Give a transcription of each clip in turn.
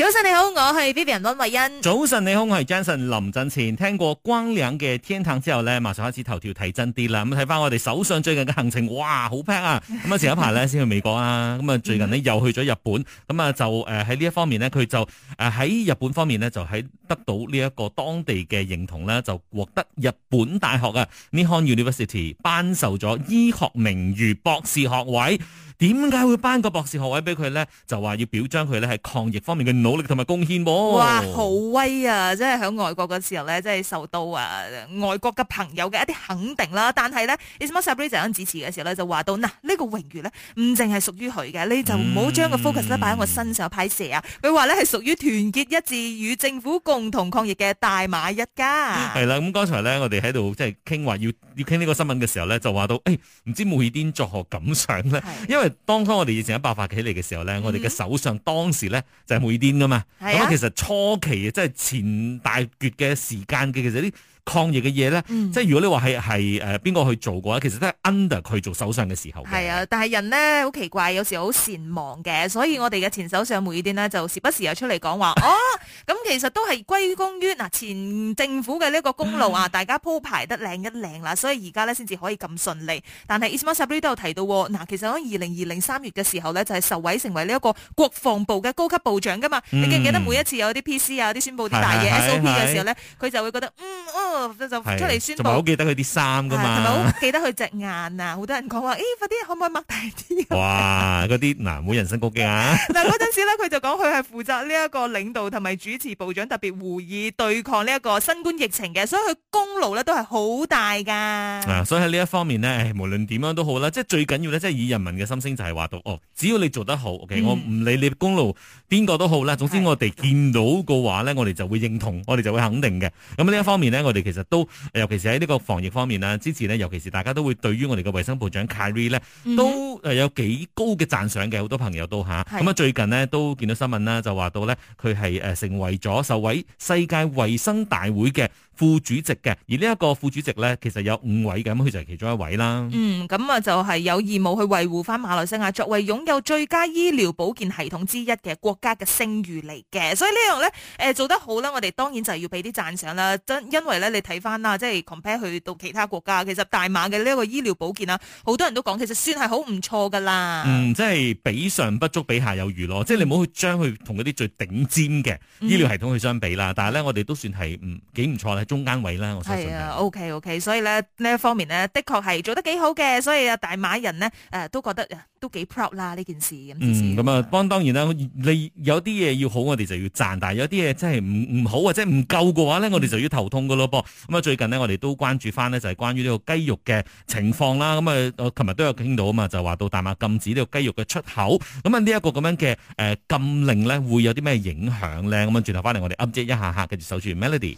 早晨你好，我是 Vivian 溫慧欣。早晨你好，我係 Jensen 林振前。聽過光良嘅天堂之後咧，馬上開始頭條提真啲啦。咁睇翻我哋手上最近嘅行程，哇，好平啊！咁啊前一排咧先去美國啊，咁 啊最近呢，又去咗日本。咁、嗯、啊、嗯、就誒喺呢一方面呢，佢就誒喺日本方面呢，就喺得到呢一個當地嘅認同呢，就獲得日本大學啊，Nihon University 頒授咗醫學名譽博士學位。點解會頒個博士學位俾佢咧？就話要表彰佢咧喺抗疫方面嘅努力同埋貢獻。哇，好威啊！真係喺外國嘅時候咧，真係受到啊外國嘅朋友嘅一啲肯定啦。但係咧，Ismail Sabri 喺致辭嘅時候咧就話到：嗱，呢個榮譽咧唔淨係屬於佢嘅，你就唔好將個 focus 咧擺喺我身上派蛇啊！佢話咧係屬於團結一致與政府共同抗疫嘅大馬一家。係啦，咁剛才咧我哋喺度即係傾話要要傾呢個新聞嘅時候咧，就話到誒，唔知慕尤丁作何感想咧？因為當初我哋疫情一爆發起嚟嘅時候咧、嗯，我哋嘅首相當時咧就係梅甸噶嘛。咁、啊、其實初期即係前大橛嘅時間嘅嗰陣時。抗疫嘅嘢咧，即係如果你話係係誒邊個去做過咧，其實都係 under 佢做首相嘅時候。係啊，但係人呢，好奇怪，有時好善忘嘅，所以我哋嘅前首相梅爾甸呢，就時不時又出嚟講話， 哦，咁其實都係歸功於嗱前政府嘅呢個功勞啊、嗯，大家鋪排得靚一靚啦，所以而家呢，先至可以咁順利。但係 Ismail Sabri 都有提到，嗱，其實喺二零二零三月嘅時候呢，就係、是、受委成為呢一個國防部嘅高級部長噶嘛、嗯。你記唔記得每一次有啲 PC 啊，有啲宣布啲大嘢 SOP 嘅時候呢，佢就會覺得嗯。嗯就出嚟宣布，好記得佢啲衫噶嘛，記得佢隻眼啊，好 多人講話，咦、哎，快啲可唔可以擘大啲？哇，嗰啲嗱，冇人身攻擊嘅。嗱，嗰陣時咧，佢就講佢係負責呢一個領導同埋主持部長特別會議對抗呢一個新冠疫情嘅，所以佢功勞咧都係好大噶。啊，所以喺呢一方面咧，無論點樣都好啦，即係最緊要咧，即係以人民嘅心聲就係話到，哦，只要你做得好，O、okay, K，、嗯、我唔理你功勞邊個都好啦，總之我哋見到嘅話咧，我哋就會認同，我哋就會肯定嘅。咁呢一方面咧，我哋。其實都，尤其是喺呢個防疫方面啦，之前呢，尤其是大家都會對於我哋嘅衛生部長 Carrie 咧，都誒有幾高嘅讚賞嘅，好多朋友都吓。咁啊，最近呢都見到新聞啦，就話到咧，佢係誒成為咗受委世界衛生大會嘅副主席嘅，而呢一個副主席咧，其實有五位嘅，咁佢就係其中一位啦。嗯，咁啊就係有義務去維護翻馬來西亞作為擁有最佳醫療保健系統之一嘅國家嘅聲譽嚟嘅。所以呢樣咧，誒、呃、做得好咧，我哋當然就係要俾啲讚賞啦。真因為咧，你睇翻啦，即係 compare 去到其他國家，其實大馬嘅呢一個醫療保健啊，好多人都講其實算係好唔錯噶啦。嗯，即係比上不足，比下有餘咯。嗯、即係你唔好去將佢同嗰啲最頂尖嘅醫療系統去相比啦。嗯、但係咧，我哋都算係唔幾唔錯啦。嗯中間位啦，我睇上去，係啊，OK OK，所以咧呢一方面呢，的確係做得幾好嘅，所以大馬人呢，呃、都覺得都幾 proud 啦呢件事咁。咁、嗯、啊，當當然啦，你有啲嘢要好，我哋就要賺；但係有啲嘢真係唔唔好或者唔夠嘅話呢，我哋就要頭痛噶咯噃。咁啊，最近呢，我哋都關注翻呢，就係、是、關於呢個雞肉嘅情況啦。咁啊，我琴日都有傾到啊嘛，就話到大馬禁止呢個雞肉嘅出口。咁啊，呢、這、一個咁樣嘅、呃、禁令呢，會有啲咩影響咧？咁啊，轉頭翻嚟，我哋 update 一下下，跟住守住 melody。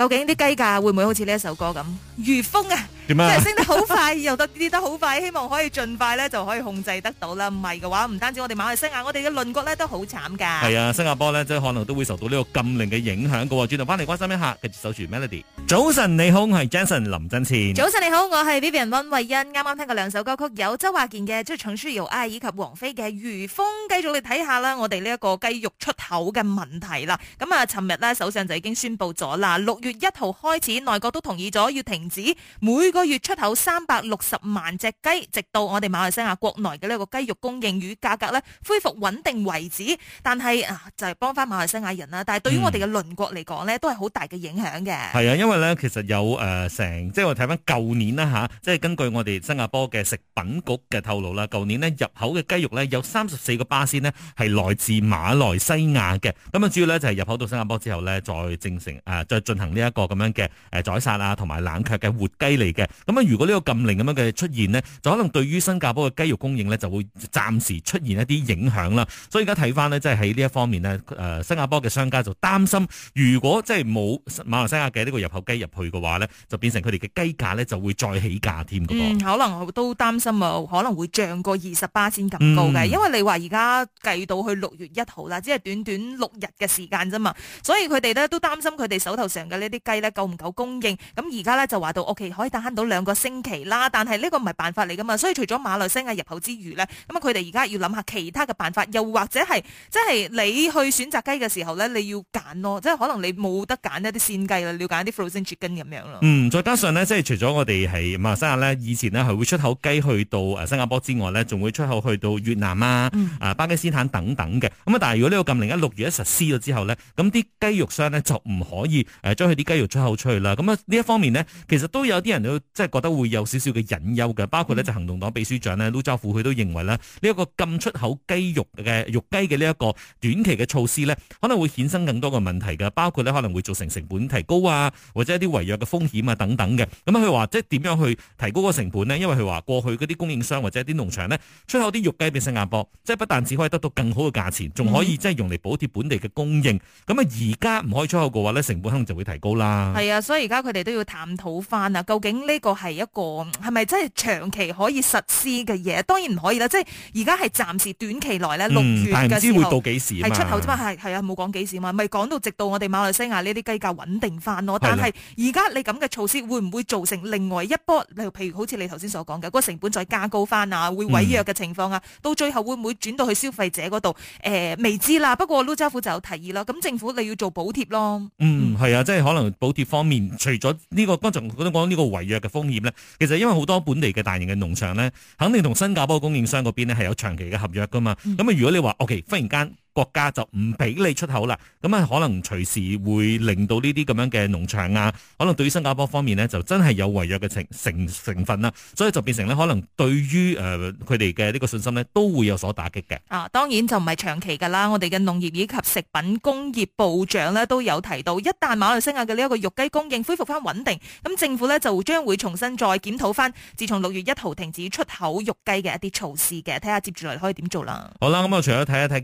究竟啲雞價會唔會好似呢一首歌咁如風啊？即係 升得好快，又跌得好快，希望可以盡快咧就可以控制得到啦。唔係嘅話，唔單止我哋馬來西亞，我哋嘅鄰國咧都好慘噶。係啊，新加坡咧即係可能都會受到呢個禁令嘅影響嘅。轉頭翻嚟關心一下，繼續守住 Melody。早晨你，你好，我係 Jason 林振前。早晨你好，我係 Vivian 溫慧欣。啱啱聽過兩首歌曲，有周華健嘅《即係藏書窯》，啊，以及王菲嘅《如風》。繼續嚟睇下啦，我哋呢一個雞肉出口嘅問題啦。咁啊，尋日呢首相就已經宣布咗啦，六月一號開始，內閣都同意咗要停止每個個月出口三百六十萬隻雞，直到我哋馬來西亞國內嘅呢個雞肉供應與價格咧恢復穩定為止。但係、啊、就係、是、幫翻馬來西亞人啦，但係對於我哋嘅鄰國嚟講呢都係好大嘅影響嘅。係啊，因為呢其實有誒成、呃，即係我睇翻舊年啦吓、啊，即係根據我哋新加坡嘅食品局嘅透露啦，舊年呢入口嘅雞肉呢，有三十四個巴仙呢係來自馬來西亞嘅。咁啊，主要呢就係、是、入口到新加坡之後呢，再整成誒、呃、再進行呢一個咁樣嘅誒、呃、宰殺啊同埋冷卻嘅活雞嚟嘅。咁啊，如果呢個禁令咁樣嘅出現呢，就可能對於新加坡嘅雞肉供應呢，就會暫時出現一啲影響啦。所以而家睇翻呢，即係喺呢一方面呢，新加坡嘅商家就擔心，如果即係冇馬來西亞嘅呢個入口雞入去嘅話呢，就變成佢哋嘅雞價呢就會再起價添嘅喎。嗯，可能都擔心啊，可能會漲過二十巴仙咁高嘅、嗯，因為你話而家計到去六月一號啦，只係短短六日嘅時間啫嘛，所以佢哋呢，都擔心佢哋手頭上嘅呢啲雞呢，夠唔夠供應？咁而家呢，就話到 OK，可以打到兩個星期啦，但係呢個唔係辦法嚟噶嘛，所以除咗馬來西亞入口之餘呢，咁啊佢哋而家要諗下其他嘅辦法，又或者係即係你去選擇雞嘅時候呢，你要揀咯，即係可能你冇得揀一啲鮮雞啦，瞭解啲 frozen chicken 咁樣。嗯，再加上呢，即係除咗我哋係馬來西亞呢，以前呢係會出口雞去到新加坡之外呢，仲會出口去到越南啊、嗯、啊巴基斯坦等等嘅。咁啊，但係如果呢個禁令一六月一實施咗之後呢，咁啲雞肉商呢就唔可以將佢啲雞肉出口出去啦。咁啊呢一方面呢，其實都有啲人要即係覺得會有少少嘅隱憂嘅，包括呢就行動黨秘書長呢，盧兆富佢都認為呢一個咁出口雞肉嘅肉雞嘅呢一個短期嘅措施呢，可能會衍生更多嘅問題嘅，包括呢可能會造成成本提高啊，或者一啲違約嘅風險啊等等嘅。咁佢話即係點樣去提高個成本呢？因為佢話過去嗰啲供應商或者一啲農場呢，出口啲肉雞俾新加坡，即係不但只可以得到更好嘅價錢，仲可以即係用嚟補貼本地嘅供應。咁啊而家唔可以出口嘅話呢，成本可能就會提高啦。係啊，所以而家佢哋都要探討翻啊，究竟？呢個係一個係咪真係長期可以實施嘅嘢？當然唔可以啦，即係而家係暫時短期內咧六月知嘅時候係出口啫嘛，係係啊冇講幾時嘛，咪講到直到我哋馬來西亞呢啲雞價穩定翻咯。但係而家你咁嘅措施會唔會造成另外一波？譬如好似你頭先所講嘅嗰個成本再加高翻啊，會違約嘅情況啊、嗯，到最後會唔會轉到去消費者嗰度？誒、呃、未知啦。不過盧州府就有提議啦，咁政府你要做補貼咯。嗯，係啊，即係可能補貼方面，除咗呢、這個剛才我都講呢個違約。嘅風險咧，其實因為好多本地嘅大型嘅農場咧，肯定同新加坡供應商嗰邊咧係有長期嘅合約㗎嘛。咁啊，如果你話 OK，忽然間，國家就唔俾你出口啦，咁啊可能隨時會令到呢啲咁樣嘅農場啊，可能對於新加坡方面呢，就真係有違約嘅成成成分啦，所以就變成呢，可能對於誒佢哋嘅呢個信心呢，都會有所打擊嘅。啊，當然就唔係長期㗎啦，我哋嘅農業以及食品工業部長呢，都有提到，一旦馬來西亞嘅呢一個肉雞供應恢復翻穩定，咁政府呢，就將會重新再檢討翻自從六月一號停止出口肉雞嘅一啲措施嘅，睇下接住嚟可以點做啦。好啦，咁、嗯、我除咗睇一睇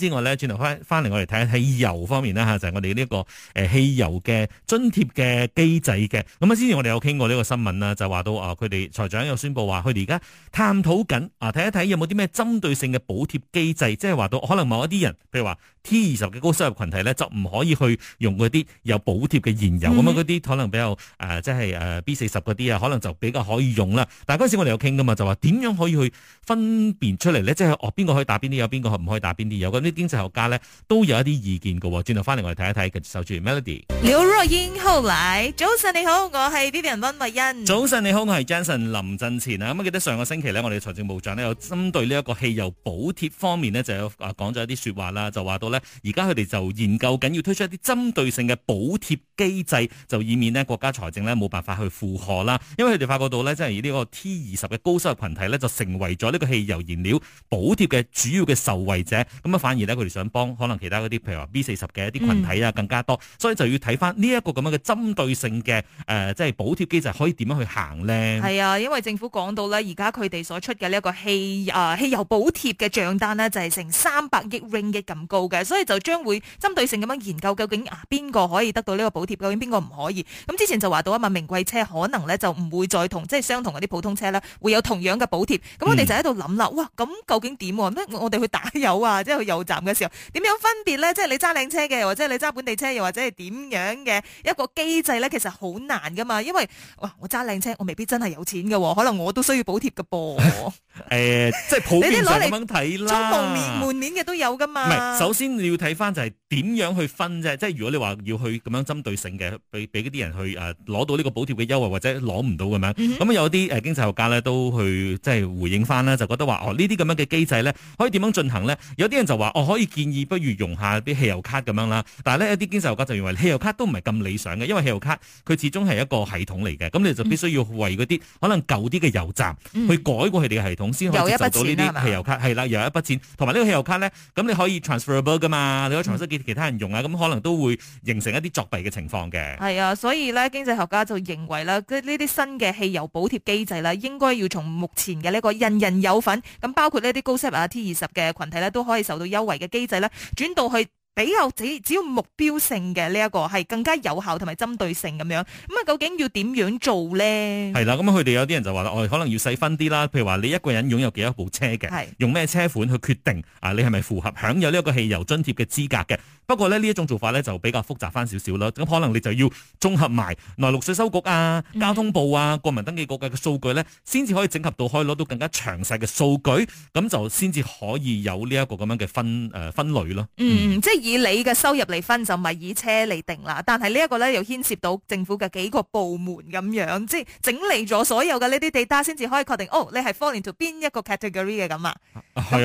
雞之外咧，轉頭翻翻嚟，我哋睇下汽油方面啦吓，就係、是、我哋呢一個誒，汽油嘅津貼嘅機制嘅。咁啊，之前我哋有傾過呢個新聞啦，就話到啊，佢哋財長有宣布話，佢哋而家探討緊啊，睇一睇有冇啲咩針對性嘅補貼機制，即係話到可能某一啲人，譬如話。T 二十嘅高收入群體咧，就唔可以去用嗰啲有補貼嘅燃油咁樣，嗰、嗯、啲可能比較誒，即係誒 B 四十嗰啲啊，可能就比較可以用啦。但係嗰陣時我哋有傾噶嘛，就話點樣可以去分辨出嚟咧？即係哦，邊、呃、個可以打邊啲油，邊個唔可以打邊啲油。咁啲經濟學家咧都有一啲意見嘅，哦。轉頭翻嚟我哋睇一睇，跟住守住 Melody、劉若英、後來早晨你好，我係 Vivian 温慧欣。早晨你好，我係 Jensen 林振前啊。咁記得上個星期咧，我哋財政部長呢，有針對呢一個汽油補貼方面呢，就有誒講咗一啲説話啦，就話到而家佢哋就研究緊要推出一啲針對性嘅補貼機制，就以免呢國家財政呢冇辦法去負荷啦。因為佢哋發覺到呢，即係呢個 T 二十嘅高收入群體呢，就成為咗呢個汽油燃料補貼嘅主要嘅受惠者。咁啊，反而呢，佢哋想幫可能其他嗰啲，譬如話 B 四十嘅一啲群體啊，更加多。所以就要睇翻呢一個咁樣嘅針對性嘅誒，即係補貼機制可以點樣去行呢？係啊，因為政府講到呢，而家佢哋所出嘅呢一個汽啊汽油補貼嘅賬單呢，就係成三百億 Ringgit 咁高嘅。所以就將會針對性咁樣研究，究竟邊個可以得到呢個補貼，究竟邊個唔可以？咁之前就話到啊嘛，名貴車可能咧就唔會再同即係、就是、相同嗰啲普通車咧會有同樣嘅補貼。咁、嗯、我哋就喺度諗啦，哇！咁究竟點？咁我哋去打油啊，即係去油站嘅時候，點樣分別咧？即、就、係、是、你揸靚車嘅，或者你揸本地車，又或者係點樣嘅一個機制咧？其實好難噶嘛，因為哇，我揸靚車，我未必真係有錢嘅，可能我都需要補貼噶噃。誒、 欸，即、就、係、是、普遍性咁樣睇啦，中蒙面蒙面嘅都有噶嘛。唔係，首先。你要睇翻就係點樣去分啫，即係如果你話要去咁樣針對性嘅，俾俾啲人去誒攞、啊、到呢個補貼嘅優惠或者攞唔到咁樣，咁、mm -hmm. 有啲誒、啊、經濟學家咧都去即係回應翻啦，就覺得話哦這這呢啲咁樣嘅機制咧可以點樣進行呢？有啲人就話哦可以建議不如用一下啲汽油卡咁樣啦，但係呢，一啲經濟學家就認為汽油卡都唔係咁理想嘅，因為汽油卡佢始終係一個系統嚟嘅，咁你就必須要為嗰啲、mm -hmm. 可能舊啲嘅油站去改過佢哋嘅系統先、mm -hmm. 可以接受到呢啲汽油卡，係、mm、啦 -hmm.，又一筆錢，同埋呢個汽油卡咧，咁你可以噶、嗯、嘛，你可以藏私俾其他人用啊，咁可能都會形成一啲作弊嘅情況嘅。係啊，所以咧，經濟學家就認為咧，佢呢啲新嘅汽油補貼機制啦，應該要從目前嘅呢個人人有份，咁包括呢啲高 SAP 啊、T20 嘅群體咧，都可以受到優惠嘅機制咧，轉到去。比較只只要目標性嘅呢一個係更加有效同埋針對性咁樣，咁啊究竟要點樣做咧？係啦，咁佢哋有啲人就話啦，我哋可能要細分啲啦，譬如話你一個人擁有幾多部車嘅，用咩車款去決定啊，你係咪符合享有呢一個汽油津貼嘅資格嘅？不過呢，呢一種做法咧就比較複雜翻少少啦，咁可能你就要綜合埋內陸稅收局啊、交通部啊、國民登記局嘅數據咧，先至可以整合到可以攞到更加詳細嘅數據，咁就先至可以有呢一個咁樣嘅分分類咯。嗯，即、嗯以你嘅收入嚟分就唔係以車嚟定啦，但係呢一個咧又牽涉到政府嘅幾個部門咁樣，即係整理咗所有嘅呢啲 data 先至可以確定，哦，你係 fall into 邊一個 category 嘅。咁啊，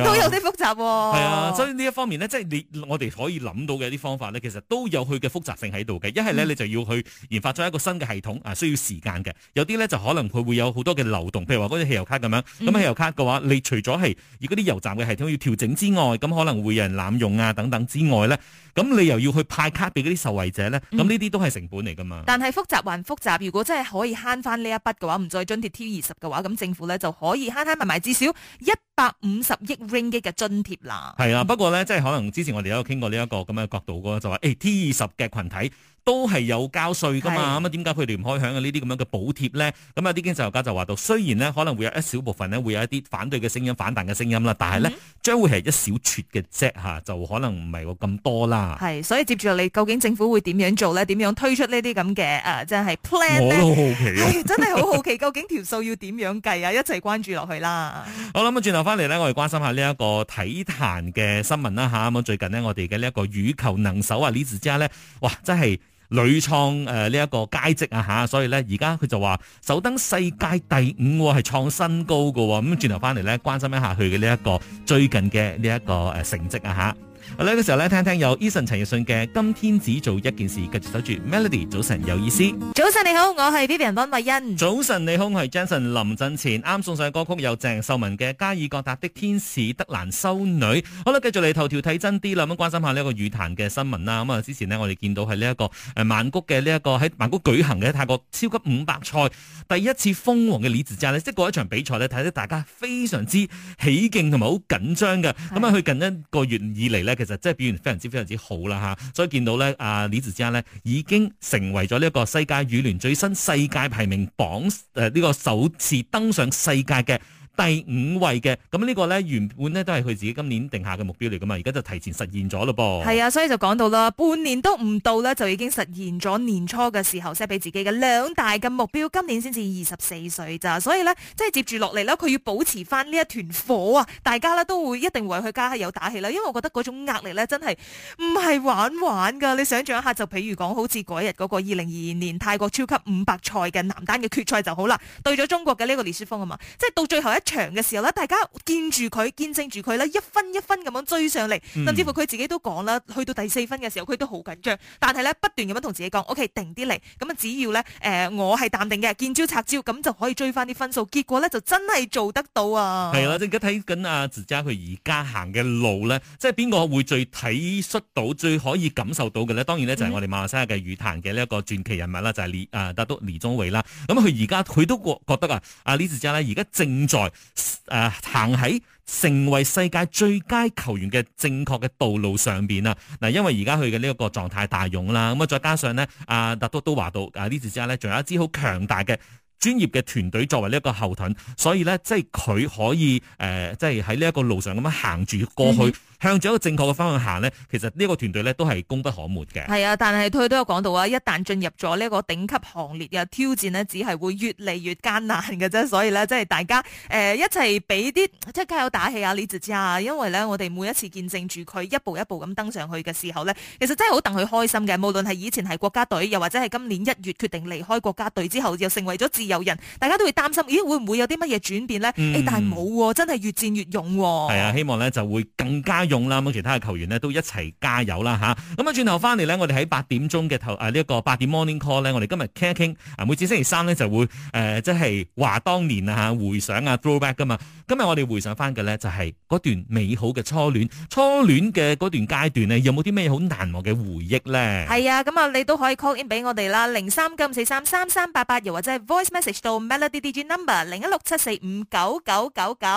都有啲複雜。哦。係啊，啊，所以呢一方面咧，即係你我哋可以諗到嘅一啲方法咧，其實都有佢嘅複雜性喺度嘅。一係咧你就要去研發咗一個新嘅系統啊，需要時間嘅。有啲咧就可能佢會有好多嘅流動，譬如話嗰啲汽油卡咁樣。咁汽油卡嘅話，你除咗係而啲油站嘅系統要調整之外，咁可能會有人濫用啊等等之外。咁你又要去派卡俾嗰啲受惠者咧？咁呢啲都係成本嚟噶嘛？嗯、但係複雜還複雜，如果真係可以慳翻呢一筆嘅話，唔再津貼 T 二十嘅話，咁政府咧就可以慳慳埋埋至少一百五十億 ringgit 嘅津貼啦。係、嗯、啊，不過咧，即係可能之前我哋都有傾過呢一個咁嘅角度嘅，就話誒 T 二十嘅群體。都係有交稅噶嘛，咁啊，點解佢哋唔可以享有呢啲咁樣嘅補貼咧？咁啊，啲經濟學家就話到，雖然咧可能會有一小部分咧會有一啲反對嘅聲音、反彈嘅聲音啦，但係呢將、嗯、會係一小撮嘅啫，吓就可能唔係咁多啦。係，所以接住落嚟，究竟政府會點樣做呢？點樣推出呢啲咁嘅啊？真係 plan，我都好奇啊，哎、真係好好奇， 究竟條數要點樣計啊？一齊關注落去啦。好啦，咁轉頭翻嚟呢，我哋關心下呢一個體壇嘅新聞啦，吓咁最近呢、這個，我哋嘅呢一個羽球能手啊李梓嘉呢，哇，真係～屢創誒呢一個佳績啊，嚇，所以咧而家佢就話首登世界第五係、哦、創新高喎。咁轉頭返嚟咧關心一下佢嘅呢一個最近嘅呢一個誒成績啊嚇。好啦，呢個時候咧聽聽有 Eason 陳奕迅嘅《今天只做一件事》，繼續守住 Melody。早晨有意思。早晨你好，我係 Vivian 溫慧欣。早晨你好，我係 Jason 林振前。啱送上嘅歌曲有鄭秀文嘅《加爾各答的天使》、《德蘭修女》。好啦，繼續嚟頭條睇真啲啦，咁關心下呢一個羽壇嘅新聞啦。咁啊，之前呢，我哋見到係呢一個誒，曼谷嘅呢一個喺曼谷、這個、曼谷舉行嘅泰國超級五百賽，第一次封王嘅李子嘉呢，即過一場比賽呢，睇得大家非常之起勁同埋好緊張嘅。咁啊，佢近一個月以嚟其實即係表現非常之非常之好啦吓，所以見到咧，阿李梓嘉咧已經成為咗呢一個世界羽聯最新世界排名榜誒呢個首次登上世界嘅。第五位嘅，咁、這、呢個呢，原本呢，都係佢自己今年定下嘅目標嚟噶嘛，而家就提前實現咗咯噃。係啊，所以就講到啦，半年都唔到呢，就已經實現咗年初嘅時候 set 俾自己嘅兩大嘅目標。今年先至二十四歲咋，所以呢，即係接住落嚟啦。佢要保持翻呢一團火啊！大家呢都會一定為佢加油打氣啦，因為我覺得嗰種壓力呢，真係唔係玩玩噶。你想象一下，就譬如講好似嗰日嗰個二零二二年泰國超級五百賽嘅男單嘅決賽就好啦，對咗中國嘅呢個李詩灃啊嘛，即係到最後一。場嘅時候咧，大家見住佢見證住佢咧，一分一分咁樣追上嚟，嗯、甚至乎佢自己都講啦，去到第四分嘅時候，佢都好緊張，但係咧不斷咁樣同自己講，O K，定啲嚟，咁、okay, 啊只要咧誒、呃、我係淡定嘅，見招拆招，招，咁就可以追翻啲分數。結果咧就真係做得到啊！係啦，即係而家睇緊阿梓嘉佢而家行嘅路咧，即係邊個會最體恤到、最可以感受到嘅咧？當然咧就係我哋馬來西亞嘅羽壇嘅一個傳奇人物啦，嗯、就係李誒達都、呃、李宗偉啦。咁佢而家佢都覺覺得啊，阿李梓嘉咧而家現在正在。誒、呃，行喺成為世界最佳球員嘅正確嘅道路上邊啦，嗱，因為而家佢嘅呢一個狀態大勇啦，咁啊再加上咧，阿達多都話到，啊呢次之下咧，仲有一支好強大嘅專業嘅團隊作為呢一個後盾，所以咧，即係佢可以誒、呃，即係喺呢一個路上咁樣行住過去。嗯向咗一個正確嘅方向行呢，其實呢個團隊都係功不可沒嘅。係啊，但係佢都有講到啊，一旦進入咗呢個頂級行列嘅挑戰呢只係會越嚟越艱難嘅啫。所以呢，即係大家誒、呃、一齊俾啲即係加油打氣啊！李治啊。因為呢，我哋每一次見證住佢一步一步咁登上去嘅時候呢，其實真係好戥佢開心嘅。無論係以前係國家隊，又或者係今年一月決定離開國家隊之後，又成為咗自由人，大家都會擔心，咦會唔會有啲乜嘢轉變呢？嗯欸、但係冇喎，真係越戰越勇喎、啊。係啊，希望呢就會更加。用啦，咁其他嘅球員咧都一齊加油啦吓。咁啊，轉頭翻嚟咧，我哋喺八點鐘嘅頭啊呢一個八點 morning call 咧，我哋今日傾一傾。啊，每次星期三咧就會誒，即係話當年啊，回想啊，throwback 噶嘛。今日我哋回想翻嘅咧就係嗰段美好嘅初戀，初戀嘅嗰段階段咧，有冇啲咩好難忘嘅回憶咧？係啊，咁啊，你都可以 call in 俾我哋啦，零三九五四三三三八八，又或者係 voice message 到 melody DJ number 零一六七四五九九九九。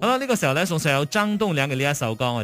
好啦，呢個時候咧送上有曾東嶺嘅呢一首歌。